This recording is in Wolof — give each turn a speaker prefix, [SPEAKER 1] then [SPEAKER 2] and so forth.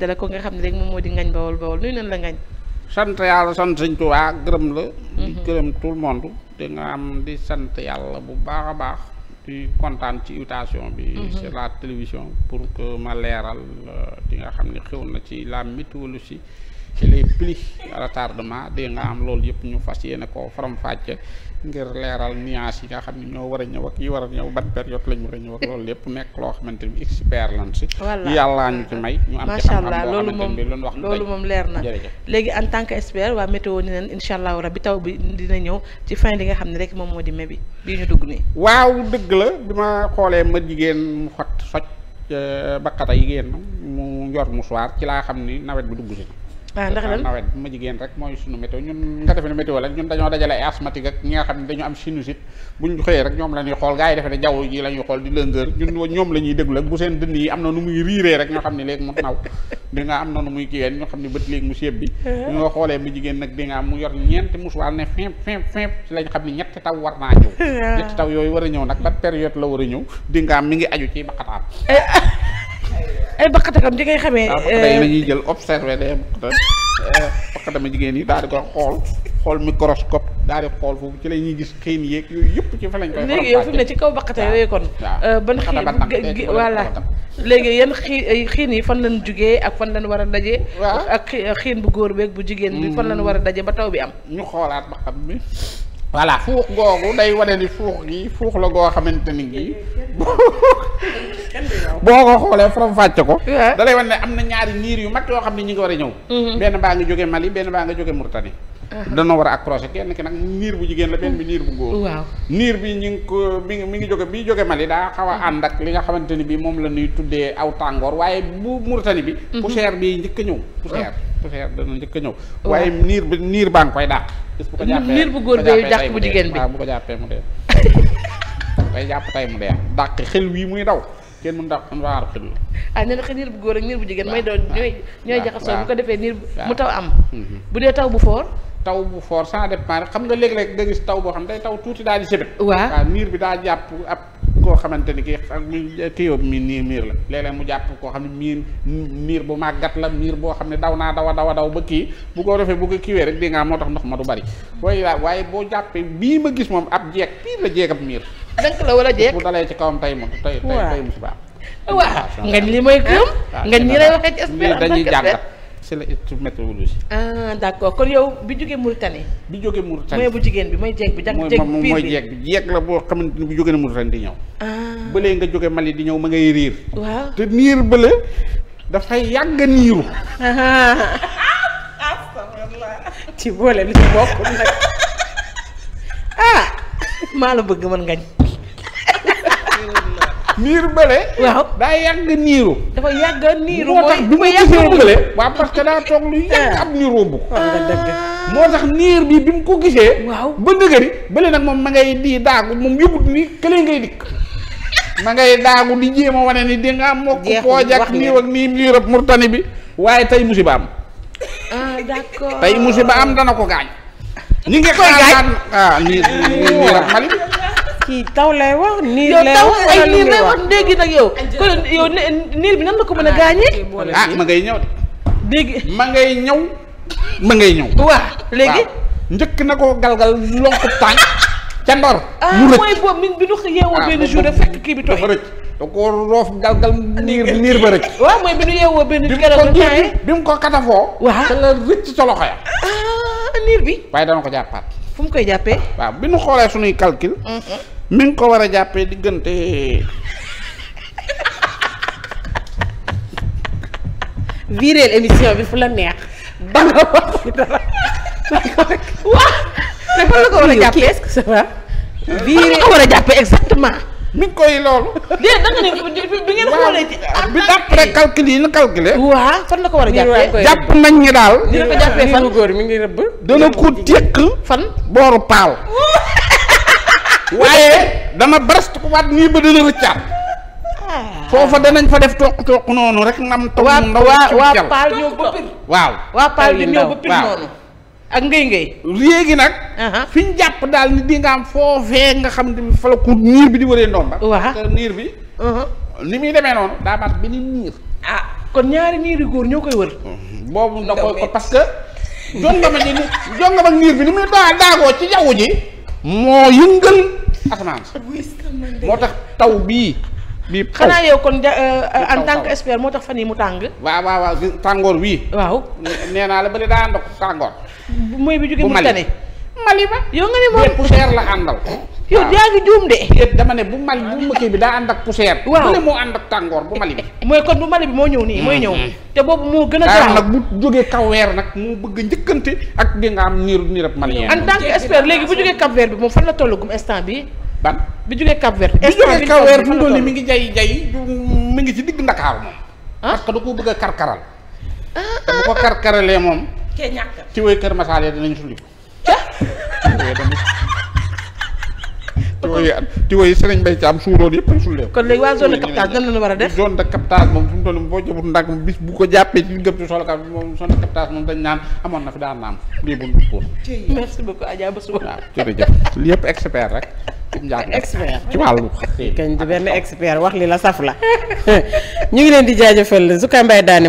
[SPEAKER 1] dala ko nga xam ne rek moom moo di ngañ bawol bawol nuyu nañ la ngañ sant yàlla sant sëñ Tuubaa gërëm la mhm. gërëm tout le monde am di sant yàlla bu baax a baax kontaan ci invitation bi mhm. sur la télévision pour que ma leeral euh, li nga xam ne xew na ci la météorologie ci les plis retardement de nga am loolu yëpp ñu fas yéene ko faram-fàcce ngir leeral nuances yi nga xam ne ñoo war a ñëw ak yi war a ñëw ban période lañ war a ñëw ak loolu lépp nekk loo xamante ni expert lan si. yàllaa ñu ci may. ñu am loolu wax loolu moom leer na léegi en tant que expert waa météo ni leen incha allah bi taw bi dina ñëw ci fin li nga xam ne rek moom moo di mai bi bii ñu dugg nii. waaw dëgg la bi ma xoolee ma jigéen mu xot soj eh, baqata yi génn mu yor ci laa xam ni nawet bi dugg si. ah ndax nawet bi jigéen rek mooy sunu météo ñun nga defe ne météo la ñun dañoo dajale ay asthmatique ak ñi nga xam ne dañu am sinusite buñ xëyee rek ñoom la xool gaa yi defe ne jaww ji la ñuy xool di lëngër ñun ñoom la ñuy déglu ak bu seen dënn yi am na nu muy riiree rek ñoo xam ne léegi mu naw di am na nu muy kiiween ñoo xam ne bët léegi mu séeb bi ñu uh-huh. xoolee mu jigéen nag di nga am mu yor ñeenti musuwaal ne fimp fimp fimp ci xam ne ñetti taw war naa ñëw uh-huh. ñetti taw yooyu war a ñëw nag ban période la war a ñëw di nga mi ngi aju ci baqataan ay baqatakam di ngay xamee. Euh, day la ñuy jël observé day baqatama jigéen yi daal di koy xool xool microscope daal di xool foofu ci la ñuy gis xiin yeeg yooyu yëpp ci fa koy. léegi yow fi mu ne ci kaw baqata yooyu kon. Euh, ban xiin voilà léegi yan xiin yi fan lañ jugee ak fan lañ war a daje. ak xiin bu góor beeg bu jigéen bi mm. fan lañ war a daje ba taw bi am. ñu xoolaat ba xam bi voilà fuux googu day wane ni fuux gi fuux la goo xamante ni gi boo ko xoolee faram fàcce ko da lay wane ne am na ñaari niir yu mag yoo xam ne ñi ngi war a ñëw mhm. benn baa nga jóge Mali benn baa nga jóge Murtani ah. dana war a accroché kenn ki nag niir bu jigéen la benn bi niir bu góor waaw niir bi ñu ngi ko mi ngi mi ngi jóge bi jóge Mali daa xaw mhm. ànd ak li nga xamante ni bi moom la ñuy tuddee aw tàngoor waaye bu Murtani bi mhm. poussière bii njëkk a ñëw poussière poussière dana njëkk a ñëw. waaye niir bi niir baa ngi koy dàq. gis bu ko jàppee niir bu góor bee dàq bu jigéen bi mu dee. day jàpp tay mu dee dàq xel wii muy daw. kenn mën dàq mën waar xel. ah nee na xel niir bu góor ak niir bu jigéen mooy doon ñooy ñooy jaxasoo bu ko defee niir mu taw mhm. xam nga léeg-léeg nga gis taw boo xam day taw tuuti daal di sëbet. niir bi daa jàpp koo xamante ni kii eh, kii yóbbu mi nii miir la léeg mu jàpp koo xam ne miir miir bu màggat la miir boo xam ne daw naa daw a daw a daw ba kii bu ko defee bu ko kiiwee rek di nga moo tax ndox ma du bari waaye waaye boo jàppee bii ma gis moom ab jeeg piir la jeeg ab miir dënk la wala jeeg bu dalee ci kawam tey moom tey tey musiba waaw nga li mooy gëm ah. nga ñi lay waxee ci dañuy jàngat c'est la météorologie. ah d'accord kon yow bi jógee Mauritanie. bi jógee Mauritanie mooy bu jigéen bi mooy jeeg bi. jag jeeg bi mooy jeeg bi jeeg la boo xamante ni bu jógee na Mauritanie di ñëw. Ah. ba nga jóge Mali di ñëw ma ngay riir. waaw te niir bële dafay yàgg a niiru. ci boole li ci bokk ah maa la bëgg mën ngañ niir bële. waaw daa yàgg niiru. dafa yàgg niiru mooy moo tax du ma gisee bële. waaw parce que daa toog lu yàgg ab niir romb ko. Ah. moo tax niir bi bi mu ko gisee. waaw ba dëgëri bële nag moom ma ngay di daagu moom yëgut ni kële ngay dikk. ma ngay daagu di jéem a wane ni di nga mokk. pooj ak niiw ak nii niirab murtani bi. waaye tey musiba am. ah musiba am dana ko gaañ. ñi ngi xaar ah niir niirab mali kii taw lay wax. niir lay wax yow nag yow. kon niir bi nan la ko mën a gaañee. ah ma ngay ñëw de. dégg ma ngay ñëw. ma ngay ñëw. waaw léegi njëkk na ko galgal lonk tànk ca ndor. Ah, mu rëcc ah mooy bi ñu yeewoo benn jour dafa fekk kii bi tooy. dafa rëcc da koo roof galgal niir ba rëcc. waaw mooy bi ñu yeewoo benn keroog bi mu ko katafoo. waaw ca ah, niir bi. waaye dana ko jàppaat. fu mu koy jàppee. waaw bi ñu xoolee suñuy calcul. Mm-hmm. mi ngi ko war a jàppee diggante. viréel émission bi fu la neex. ba nga waaw. dafa la ko war a jàppee est-ce que ko war a jàppee exactement. mi ngi koy loolu. déedéet da nga bi ngeen xoolee ci. yi ñu calculé. la ko war a jàppee jàpp nañ ñi daal. fan góor mi ngi rëbb. dana ko tekk booru paal. waaye dama barest ko waat nii ba dana rëccaat. Ah. foofa danañ fa def toq toq noonu rek. nam taw mu ndaw ci paal ñëw ba pir. waaw waaw paal ñëw ba pir noonu. ak ngay ngay léegi nag fi ñu jàpp daal ni di am foofee nga xam ne ku niir bi di wëree ndomba waaw niir bi ni muy demee noonu daa mat beneen niir ah kon ñaari niir yu góor ñoo koy wër boobu da koy ko parce que jongama ji ni jongama ak niir bi ni muy daa daagoo ci jaww ji moo yëngal asamaan moo tax taw bii bii xanaa oh. yow kon euh, euh, en tant que moo tax fan yi mu tàng. waaw waaw tàngoor wii. waaw nee naa la bële daa ànd ak tàngoor. bu mooy bi jógee mu tane Mali ba yow yow yaa ngi juum de. dama ne bu Mali bu bi daa ànd ak poussière. waaw bu moo ànd ak tàngoor bu Mali bi. mooy kon bu Mali bi moo ñëw nii. mooy ñëw mm-hmm. te boobu moo gën a. garaaw nag bu jógee kaw weer nag moo bëgg njëkkante ak di nga am niir niirab malien. en tant que léegi bu jógee Cap Vert bi moom fan la tollagum instant bi ban bi jógee Cap Vert bi jógee Cap Vert fu mu toll nii mi ngi jay jay mi ngi ci digg Ndakaaru moom ah? parce que da ko bëgg a karkaral ah, ah, te ko karkaralee moom kee ñàkk ci way Kër Masaal dinañ sulliko tiwoy tiwoy Sëriñ Mbay Caam suuroon yëpp a def de captage moom fu mu toll boo jëmut dañ naan amoon na fi daan naam ba suba waaw jërëjëf yëpp expert rek expert ci wàllu kañ di benn expert wax li la saf la ñu ngi leen di jaajëfal su kay mbay daane